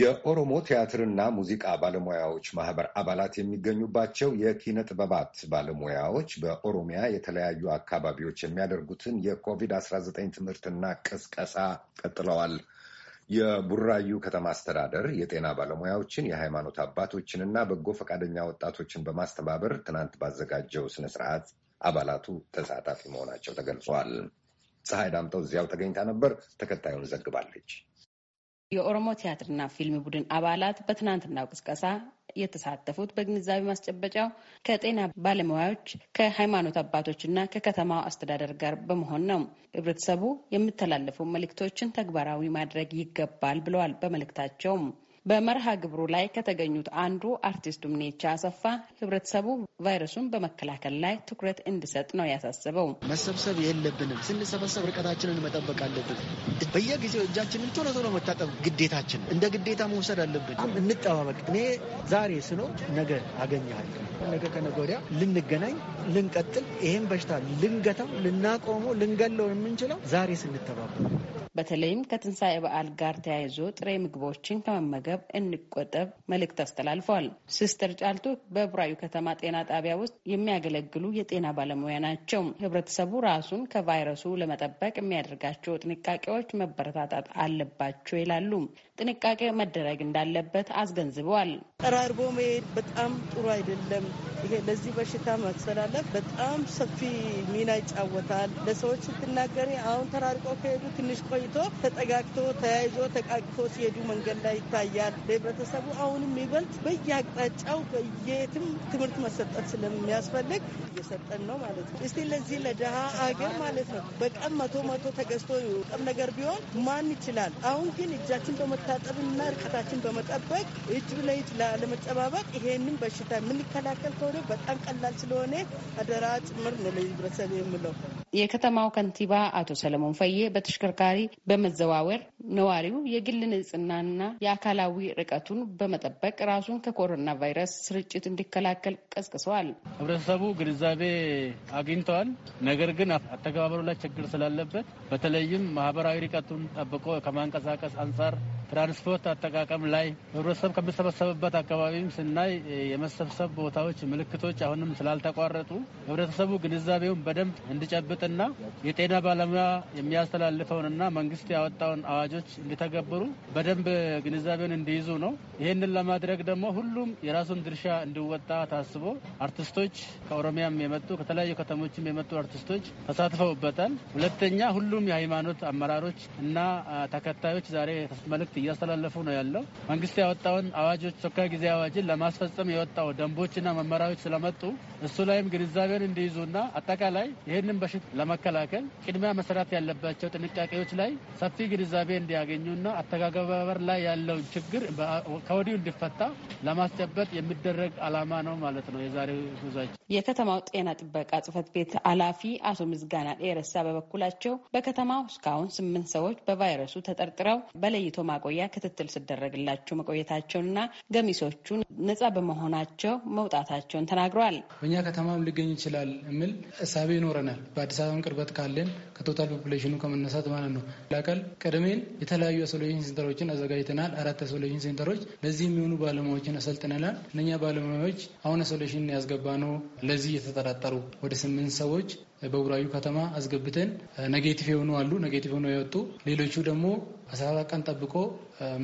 የኦሮሞ ቲያትርና ሙዚቃ ባለሙያዎች ማህበር አባላት የሚገኙባቸው የኪነ ጥበባት ባለሙያዎች በኦሮሚያ የተለያዩ አካባቢዎች የሚያደርጉትን የኮቪድ-19 ትምህርትና ቅስቀሳ ቀጥለዋል። የቡራዩ ከተማ አስተዳደር የጤና ባለሙያዎችን የሃይማኖት አባቶችንና በጎ ፈቃደኛ ወጣቶችን በማስተባበር ትናንት ባዘጋጀው ስነስርዓት አባላቱ ተሳታፊ መሆናቸው ተገልጿል። ፀሐይ ዳምጠው እዚያው ተገኝታ ነበር። ተከታዩን ዘግባለች። የኦሮሞ ቲያትርና ፊልም ቡድን አባላት በትናንትናው ቅስቀሳ የተሳተፉት በግንዛቤ ማስጨበጫው ከጤና ባለሙያዎች፣ ከሃይማኖት አባቶች ከከተማው አስተዳደር ጋር በመሆን ነው። ህብረተሰቡ የምተላለፉ መልእክቶችን ተግባራዊ ማድረግ ይገባል ብለዋል። በመልእክታቸውም በመርሃ ግብሩ ላይ ከተገኙት አንዱ አርቲስት ዱምኔቻ አሰፋ ህብረተሰቡ ቫይረሱን በመከላከል ላይ ትኩረት እንዲሰጥ ነው ያሳስበው። መሰብሰብ የለብንም። ስንሰበሰብ ርቀታችንን መጠበቅ አለብን። በየጊዜው እጃችንን ቶሎ ቶሎ መታጠብ ግዴታችን፣ እንደ ግዴታ መውሰድ አለብን። እንጠባበቅ። እኔ ዛሬ ስኖ ነገ አገኘሃለሁ፣ ነገ ከነገ ወዲያ ልንገናኝ፣ ልንቀጥል፣ ይህም በሽታ ልንገታው፣ ልናቆመው፣ ልንገለው የምንችለው ዛሬ ስንተባበቅ፣ በተለይም ከትንሣኤ በዓል ጋር ተያይዞ ጥሬ ምግቦችን ከመመገብ ከመመገብ እንቆጠብ መልእክት አስተላልፈዋል። ሲስተር ጫልቱ በቡራዩ ከተማ ጤና ጣቢያ ውስጥ የሚያገለግሉ የጤና ባለሙያ ናቸው። ህብረተሰቡ ራሱን ከቫይረሱ ለመጠበቅ የሚያደርጋቸው ጥንቃቄዎች መበረታታት አለባቸው ይላሉ። ጥንቃቄ መደረግ እንዳለበት አስገንዝበዋል። ጠራርቦ መሄድ በጣም ጥሩ አይደለም። ይሄ ለዚህ በሽታ ማስተላለፍ በጣም ሰፊ ሚና ይጫወታል። ለሰዎች ስትናገሪ አሁን ተራርቆ ከሄዱ ትንሽ ቆይቶ ተጠጋግቶ ተያይዞ ተቃቅፎ ሲሄዱ መንገድ ላይ ይታያል። ህብረተሰቡ አሁንም ይበልጥ በየአቅጣጫው በየትም ትምህርት መሰጠት ስለሚያስፈልግ እየሰጠን ነው ማለት ነው። እስቲ ለዚህ ለድሃ አገር ማለት ነው በቀን መቶ መቶ ተገዝቶ ቀም ነገር ቢሆን ማን ይችላል? አሁን ግን እጃችን በመታጠብና እርቀታችን በመጠበቅ እጅ ለእጅ ለመጨባበቅ ይሄንን በሽታ የምንከላከል ከሆነ በጣም ቀላል ስለሆነ አደራ ጭምር ነው ለህብረተሰብ የምለው። የከተማው ከንቲባ አቶ ሰለሞን ፈዬ በተሽከርካሪ በመዘዋወር ነዋሪው የግል ንጽህናና የአካላዊ ርቀቱን በመጠበቅ ራሱን ከኮሮና ቫይረስ ስርጭት እንዲከላከል ቀስቅሰዋል። ህብረተሰቡ ግንዛቤ አግኝተዋል። ነገር ግን አተገባበሩ ላይ ችግር ስላለበት በተለይም ማህበራዊ ርቀቱን ጠብቆ ከማንቀሳቀስ አንጻር ትራንስፖርት አጠቃቀም ላይ ህብረተሰብ ከሚሰበሰብበት አካባቢም ስናይ የመሰብሰብ ቦታዎች ምልክቶች አሁንም ስላልተቋረጡ ህብረተሰቡ ግንዛቤውን በደንብ እንዲጨብጥና የጤና ባለሙያ የሚያስተላልፈውንና መንግስት ያወጣውን አዋጆች እንዲተገብሩ በደንብ ግንዛቤውን እንዲይዙ ነው። ይህንን ለማድረግ ደግሞ ሁሉም የራሱን ድርሻ እንዲወጣ ታስቦ አርቲስቶች ከኦሮሚያም የመጡ ከተለያዩ ከተሞችም የመጡ አርቲስቶች ተሳትፈውበታል። ሁለተኛ ሁሉም የሃይማኖት አመራሮች እና ተከታዮች ዛሬ መልእክት እያስተላለፉ ነው ያለው። መንግስት ያወጣውን አዋጆች አስቸኳይ ጊዜ አዋጅን ለማስፈጸም የወጣው ደንቦችና መመሪያዎች ስለመጡ እሱ ላይም ግንዛቤን እንዲይዙና አጠቃላይ ይህንን በሽታ ለመከላከል ቅድሚያ መሰራት ያለባቸው ጥንቃቄዎች ላይ ሰፊ ግንዛቤ እንዲያገኙና አተገባበር ላይ ያለውን ችግር ከወዲሁ እንዲፈታ ለማስጨበጥ የሚደረግ አላማ ነው ማለት ነው የዛሬው ጉዟቸው። የከተማው ጤና ጥበቃ ጽህፈት ቤት ኃላፊ አቶ ምዝጋና ጤረሳ በበኩላቸው በከተማው እስካሁን ስምንት ሰዎች በቫይረሱ ተጠርጥረው በለይቶ ማቆ ማቆያ ክትትል ስደረግላቸው መቆየታቸውንና ገሚሶቹ ነጻ በመሆናቸው መውጣታቸውን ተናግረዋል። በእኛ ከተማም ሊገኝ ይችላል የሚል እሳቤ ይኖረናል። በአዲስ አበባም ቅርበት ካለን ከቶታል ፖፕሌሽኑ ከመነሳት ማለት ነው። ላቀል ቀድሜን የተለያዩ አሶሎሽን ሴንተሮችን አዘጋጅተናል። አራት አሶሎሽን ሴንተሮች ለዚህ የሚሆኑ ባለሙያዎችን አሰልጥነናል። እነኛ ባለሙያዎች አሁን አሶሎሽን ያስገባ ነው ለዚህ የተጠራጠሩ ወደ ስምንት ሰዎች በቡራዩ ከተማ አስገብተን ነጌቲቭ የሆኑ አሉ፣ ነጌቲቭ ሆኖ የወጡ ሌሎቹ ደግሞ አስራ ቀን ጠብቆ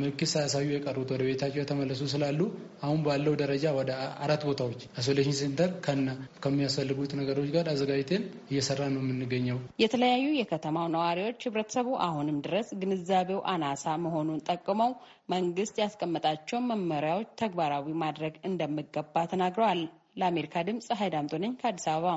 ምልክት ሳያሳዩ የቀሩት ወደ ቤታቸው የተመለሱ ስላሉ አሁን ባለው ደረጃ ወደ አራት ቦታዎች አይሶሌሽን ሴንተር ከሚያስፈልጉት ነገሮች ጋር አዘጋጅተን እየሰራ ነው የምንገኘው። የተለያዩ የከተማው ነዋሪዎች ህብረተሰቡ አሁንም ድረስ ግንዛቤው አናሳ መሆኑን ጠቅመው መንግስት ያስቀመጣቸውን መመሪያዎች ተግባራዊ ማድረግ እንደሚገባ ተናግረዋል። ለአሜሪካ ድምፅ ሀይድ አምጦ ነኝ ከአዲስ አበባ።